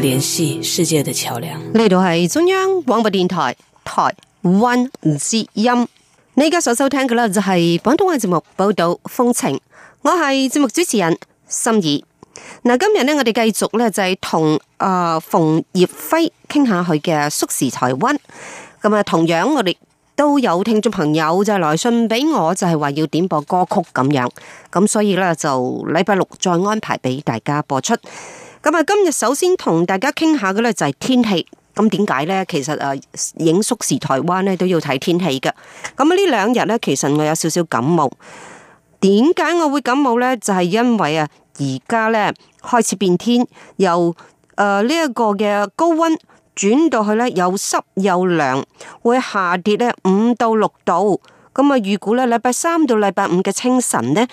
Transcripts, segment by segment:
聯繫世界的橋樑。呢度係中央廣播電台台灣之音，你而家所收聽嘅呢，就係廣東話節目《報道風情》，我係節目主持人心儀。嗱，今日呢，我哋繼續呢，就係同阿馮業輝傾下佢嘅《縮時台灣》。咁啊，同樣我哋都有聽眾朋友就係來信俾我，就係、是、話要點播歌曲咁樣。咁所以呢，就禮拜六再安排俾大家播出。咁啊，今日首先同大家傾下嘅咧就係天氣。咁點解呢？其實誒，影縮時台灣咧都要睇天氣嘅。咁呢兩日咧，其實我有少少感冒。點解我會感冒呢？就係、是、因為啊，而家咧開始變天，由誒呢一個嘅高溫轉到去咧又濕又涼，會下跌咧五到六度。咁啊，預估咧禮拜三到禮拜五嘅清晨呢。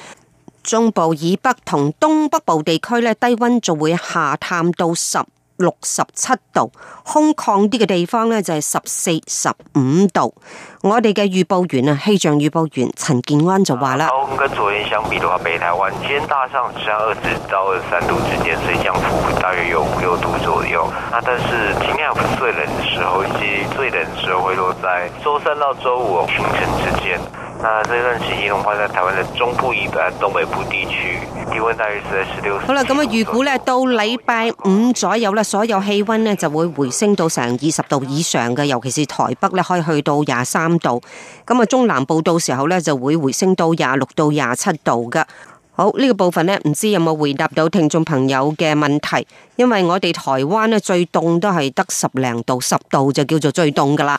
中部以北同東北部地區咧，低温就會下探到十六十七度，空曠啲嘅地方咧就係十四十五度。我哋嘅預報員啊，氣象預報員陳建安就話啦，同、啊、跟昨天相比嘅話，北台灣今天大上升二至到二三度之間，所以降幅大約有五六度左右。但是今天不是最冷的時候以及最冷的時候會落在周三到周五清晨之間。啊，這段時間嘅話，喺台灣嘅中部以北、東北部地區，氣溫大約四十六度。好啦，咁啊，預估呢到禮拜五左右呢，所有氣溫呢就會回升到成二十度以上嘅，尤其是台北呢，可以去到廿三度，咁啊中南部到時候呢，就會回升到廿六到廿七度噶。好呢、這個部分呢，唔知有冇回答到聽眾朋友嘅問題？因為我哋台灣呢，最凍都係得十零度、十度就叫做最凍噶啦。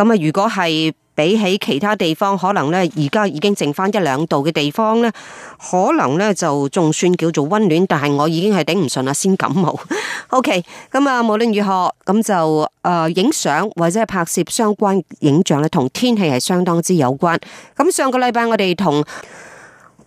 咁啊，如果係比起其他地方，可能呢而家已經剩翻一兩度嘅地方呢，可能呢就仲算叫做溫暖，但係我已經係頂唔順喇，先感冒。OK，咁啊，無論如何，咁就誒影相或者係拍攝相關影像呢，同天氣係相當之有關。咁上個禮拜我哋同。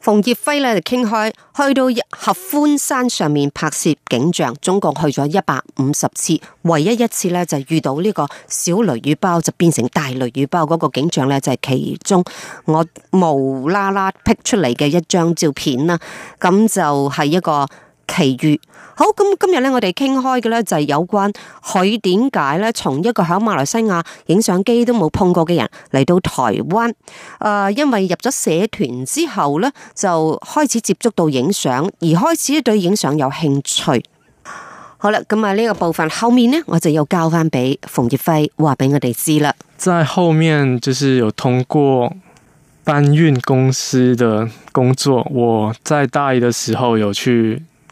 馮業輝咧就傾開，去到合歡山上面拍攝景象，總共去咗一百五十次，唯一一次咧就遇到呢個小雷雨包就變成大雷雨包嗰個景象咧，就係、是、其中我無啦啦劈出嚟嘅一張照片啦，咁就係一個。奇遇好。咁今日咧，我哋傾開嘅咧就係有關佢點解咧，從一個喺馬來西亞影相機都冇碰過嘅人嚟,到台灣，誒、呃，因為入咗社團之後咧，就開始接觸到影相，而開始對影相有興趣。好啦，咁啊呢個部分後面呢，我就又交翻俾馮業輝話俾我哋知啦。在後面就是有通過搬運公司的工作，我在大二嘅時候有去。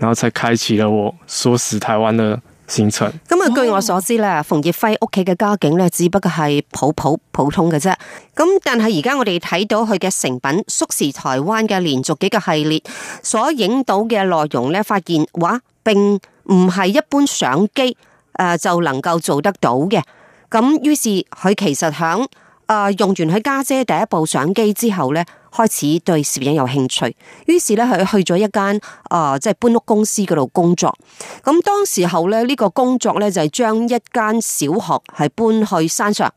然後才開啟了我縮時台灣的行程。咁啊，據我所知咧，馮業輝屋企嘅家境咧，只不過係普普普普通嘅啫。咁但係而家我哋睇到佢嘅成品《縮時台灣》嘅連續幾個系列所影到嘅內容咧，發現哇，並唔係一般相機誒、呃、就能夠做得到嘅。咁於是佢其實響。啊！用完佢家姐第一部相機之後咧，開始對攝影有興趣，於是咧佢去咗一間啊，即係搬屋公司嗰度工作。咁當時候咧呢個工作咧就係將一間小學係搬去山上。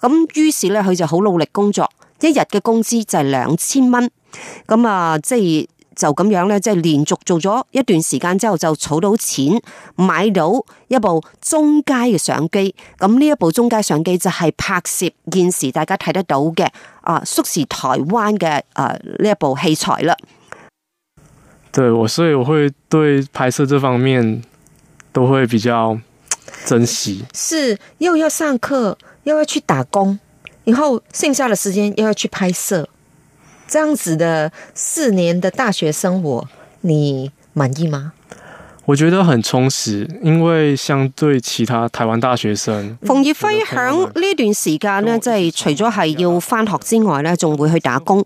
咁於是咧佢就好努力工作，一日嘅工資就係兩千蚊。咁啊，即係。就咁樣咧，即、就、係、是、連續做咗一段時間之後，就儲到錢，買到一部中階嘅相機。咁呢一部中階相機就係拍攝現時大家睇得到嘅啊，縮時台灣嘅啊呢一部器材啦。對，我所以我會對拍攝這方面都會比較珍惜。是又要上課，又要去打工，然後剩下的時間又要去拍攝。這樣子的四年的大學生活，你滿意嗎？我覺得很充實，因為相對其他台灣大學生，馮業輝響呢段時間呢，即係除咗係要翻學之外呢，仲會去打工。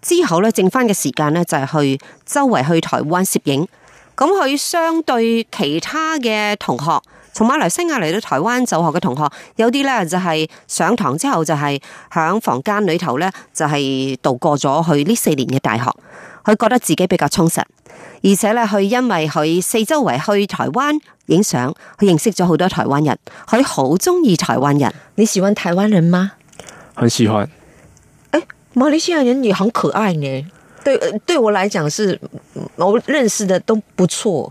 之後呢，剩翻嘅時間呢，就係去周圍去台灣攝影。咁佢相對其他嘅同學，從馬來西亞嚟到台灣就學嘅同學，有啲咧就係上堂之後就係喺房間裏頭咧就係度過咗佢呢四年嘅大學，佢覺得自己比較充實，而且咧佢因為佢四周圍去台灣影相，佢認識咗好多台灣人，佢好中意台灣人。你喜歡台灣人嗎？很喜歡。誒、欸，馬來西亞人也很可愛嘅、欸。對，對我來講是我認識的都不錯。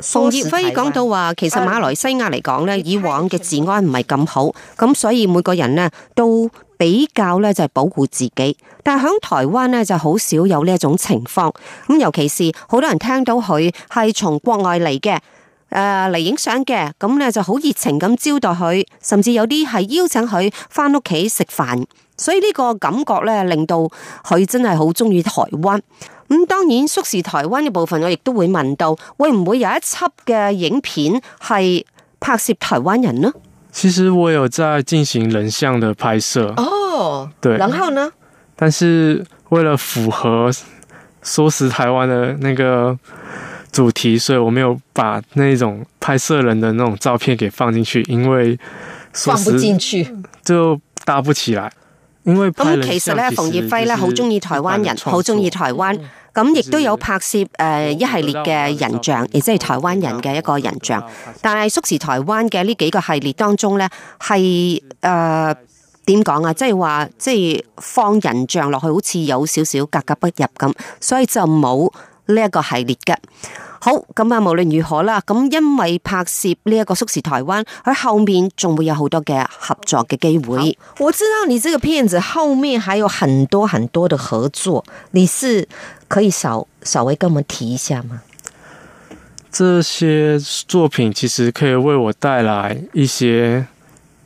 馮業輝講到話，其實馬來西亞嚟講咧，以往嘅治安唔係咁好，咁所以每個人咧都比較咧就係保護自己。但係喺台灣咧就好少有呢一種情況。咁尤其是好多人聽到佢係從國外嚟嘅，誒嚟影相嘅，咁呢就好熱情咁招待佢，甚至有啲係邀請佢返屋企食飯。所以呢個感覺呢，令到佢真係好中意台灣。咁、嗯、當然，縮時台灣嘅部分，我亦都會問到，會唔會有一輯嘅影片係拍攝台灣人呢？其實我有在進行人像的拍攝。哦，對。然後呢？但是為了符合縮時台灣的那個主題，所以我沒有把那種拍攝人的那種照片給放進去，因為放不進去就搭不起來。咁其實咧，馮業輝咧好中意台灣人，好中意台灣，咁亦都有拍攝誒一系列嘅人像，亦即係台灣人嘅一個人像。但係，縮時台灣嘅呢幾個系列當中咧，係誒點講啊？即係話，即係放人像落去，好似有少少格格不入咁，所以就冇呢一個系列嘅。好，咁啊，無論如何啦，咁因為拍攝呢一個《縮時台灣》，喺後面仲會有好多嘅合作嘅機會。我知道你呢個片子後面還有很多很多的合作，你是可以稍稍微跟我們提一下嗎？這些作品其實可以為我帶來一些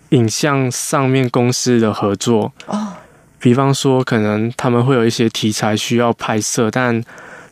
影像上面公司的合作。哦，比方說，可能他們會有一些題材需要拍攝，但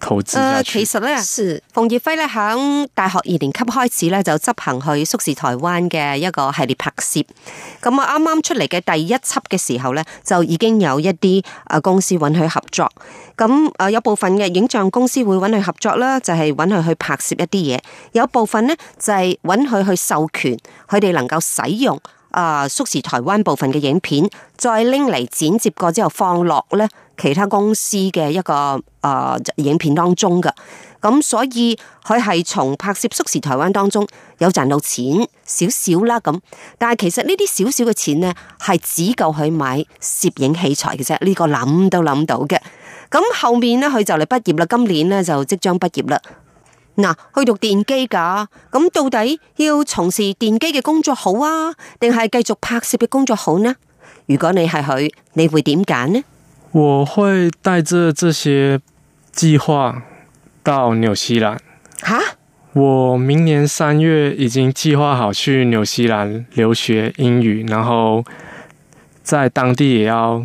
誒、呃，其實咧，馮業輝咧響大學二年級開始咧，就執行去《縮時台灣》嘅一個系列拍攝。咁啊，啱啱出嚟嘅第一輯嘅時候咧，就已經有一啲誒公司揾佢合作。咁誒有部分嘅影像公司會揾佢合作啦，就係揾佢去拍攝一啲嘢。有部分呢，就係揾佢去授權，佢哋能夠使用。啊、呃、縮時台灣部分嘅影片，再拎嚟剪接過之後放落咧，其他公司嘅一個誒、呃、影片當中噶。咁所以佢係從拍攝縮時台灣當中有賺到錢少少啦。咁但係其實呢啲少少嘅錢呢係只夠佢買攝影器材嘅啫。呢、這個諗都諗到嘅。咁後面呢，佢就嚟畢業啦。今年呢，就即將畢業啦。嗱，去讀電機噶，咁到底要從事電機嘅工作好啊，定係繼續拍攝嘅工作好呢？如果你係佢，你會點揀呢？我會帶着這些計劃到紐西蘭。吓？我明年三月已經計劃好去紐西蘭留學英語，然後在當地也要。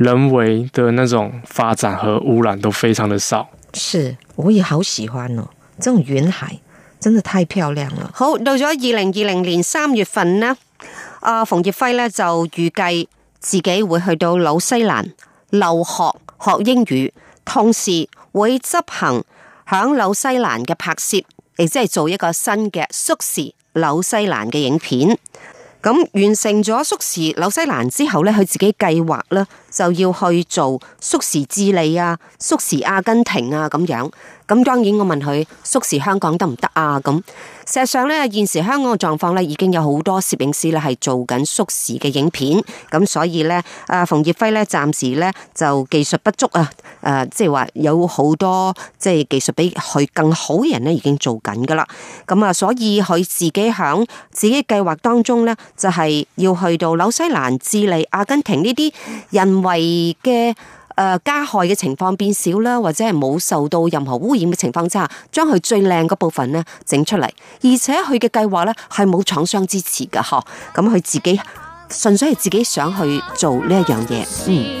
人為的那種發展和污染都非常的少，是，我也好喜歡哦，這種雲海真的太漂亮啦。好，到咗二零二零年三月份呢，阿、呃、馮業輝呢就預計自己會去到紐西蘭留學學英語，同時會執行響紐西蘭嘅拍攝，亦即係做一個新嘅縮時紐西蘭嘅影片。咁完成咗縮時紐西蘭之後咧，佢自己計劃咧就要去做縮時智利啊、縮時阿根廷啊咁樣。咁當然我問佢縮時香港得唔得啊？咁事實上呢，現時香港嘅狀況呢，已經有好多攝影師呢係做緊縮時嘅影片。咁所以呢，阿、呃、馮業輝呢，暫時呢就技術不足啊、呃。即係話有好多即係技術比佢更好嘅人呢已經做緊㗎喇。咁啊，所以佢自己喺自己計劃當中呢，就係、是、要去到紐西蘭、智利、阿根廷呢啲人為嘅。呃，加害嘅情況變少啦，或者係冇受到任何污染嘅情況之下，將佢最靚部分呢整出嚟。而且佢嘅計劃呢係冇廠商支持嘅嗬，咁佢自己純粹係自己想去做呢一樣嘢，嗯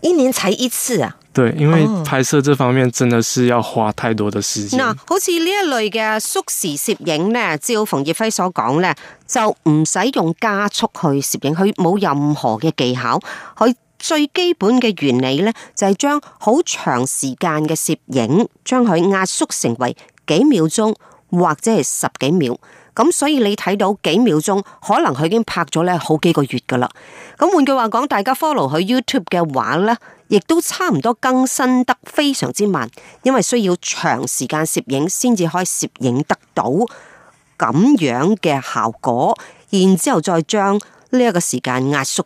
一年才一次啊。對，因為拍攝這方面真的是要花太多的時間。嗱、oh.，好似呢一類嘅縮時攝影呢，照馮業輝所講呢，就唔使用，用加速去攝影，佢冇任何嘅技巧，佢最基本嘅原理呢，就係將好長時間嘅攝影，將佢壓縮成為幾秒鐘或者係十幾秒。咁所以你睇到幾秒鐘，可能佢已經拍咗咧好幾個月噶啦。咁換句話講，大家 follow 佢 YouTube 嘅話呢，亦都差唔多更新得非常之慢，因為需要長時間攝影先至可以攝影得到咁樣嘅效果。然之後再將呢一個時間壓縮。誒、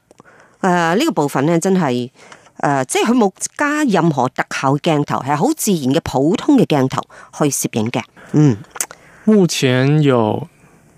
呃，呢、這個部分呢，真係誒、呃，即係佢冇加任何特效鏡頭，係好自然嘅普通嘅鏡頭去攝影嘅。嗯，目前有。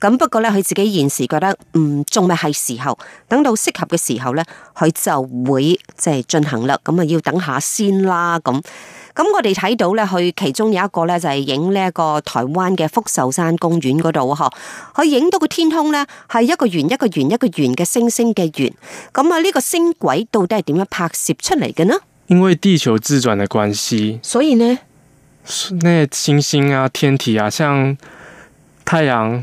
咁不過咧，佢自己現時覺得嗯，仲未係時候，等到適合嘅時候咧，佢就會即係進行啦。咁啊，要等下先啦。咁咁我哋睇到咧，佢其中有一個咧就係影呢一個台灣嘅福壽山公園嗰度嗬，佢影到個天空咧係一個圓一個圓一個圓嘅星星嘅圓。咁啊，呢個星軌到底係點樣拍攝出嚟嘅呢？因為地球自轉嘅關係，所以呢，那個、星星啊、天體啊，像太陽。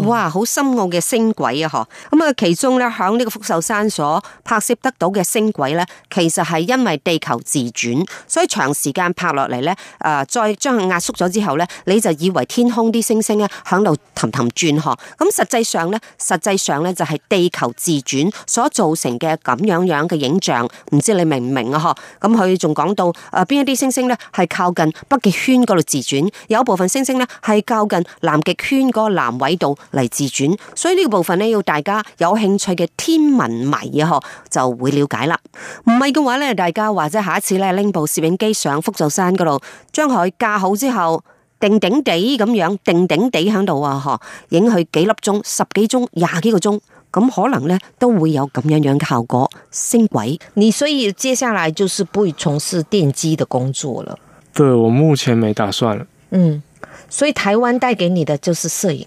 哇，好深奧嘅星軌啊！嗬，咁啊，其中咧響呢個福壽山所拍攝得到嘅星軌咧，其實係因為地球自轉，所以長時間拍落嚟咧，誒，再將佢壓縮咗之後咧，你就以為天空啲星星咧響度氹氹轉嗬。咁實際上咧，實際上咧就係地球自轉所造成嘅咁樣樣嘅影像，唔知你明唔明啊？嗬，咁佢仲講到誒邊一啲星星咧係靠近北極圈嗰度自轉，有部分星星咧係靠近南極圈嗰個南緯度，嚟自轉，所以呢個部分呢，要大家有興趣嘅天文迷嗬就會了解啦。唔係嘅話呢，大家或者下一次呢，拎部攝影機上福壽山嗰度，將佢架好之後，定定地咁樣，定定地喺度啊，嗬影佢幾粒鐘、十幾鐘、廿幾個鐘，咁可能呢都會有咁樣樣嘅效果。星軌，你所以接下來就是不會從事電機嘅工作了。對我目前沒打算了。嗯，所以台灣帶給你的就是攝影。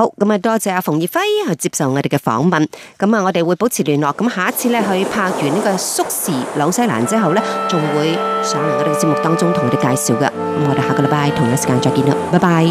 好，咁啊，多謝阿馮業輝去接受我哋嘅訪問。咁啊，我哋會保持聯絡。咁下一次咧，去拍完呢個縮時紐西蘭之後咧，仲會上嚟我哋節目當中同你哋介紹㗎。咁我哋下個禮拜同一時間再見啦，拜拜。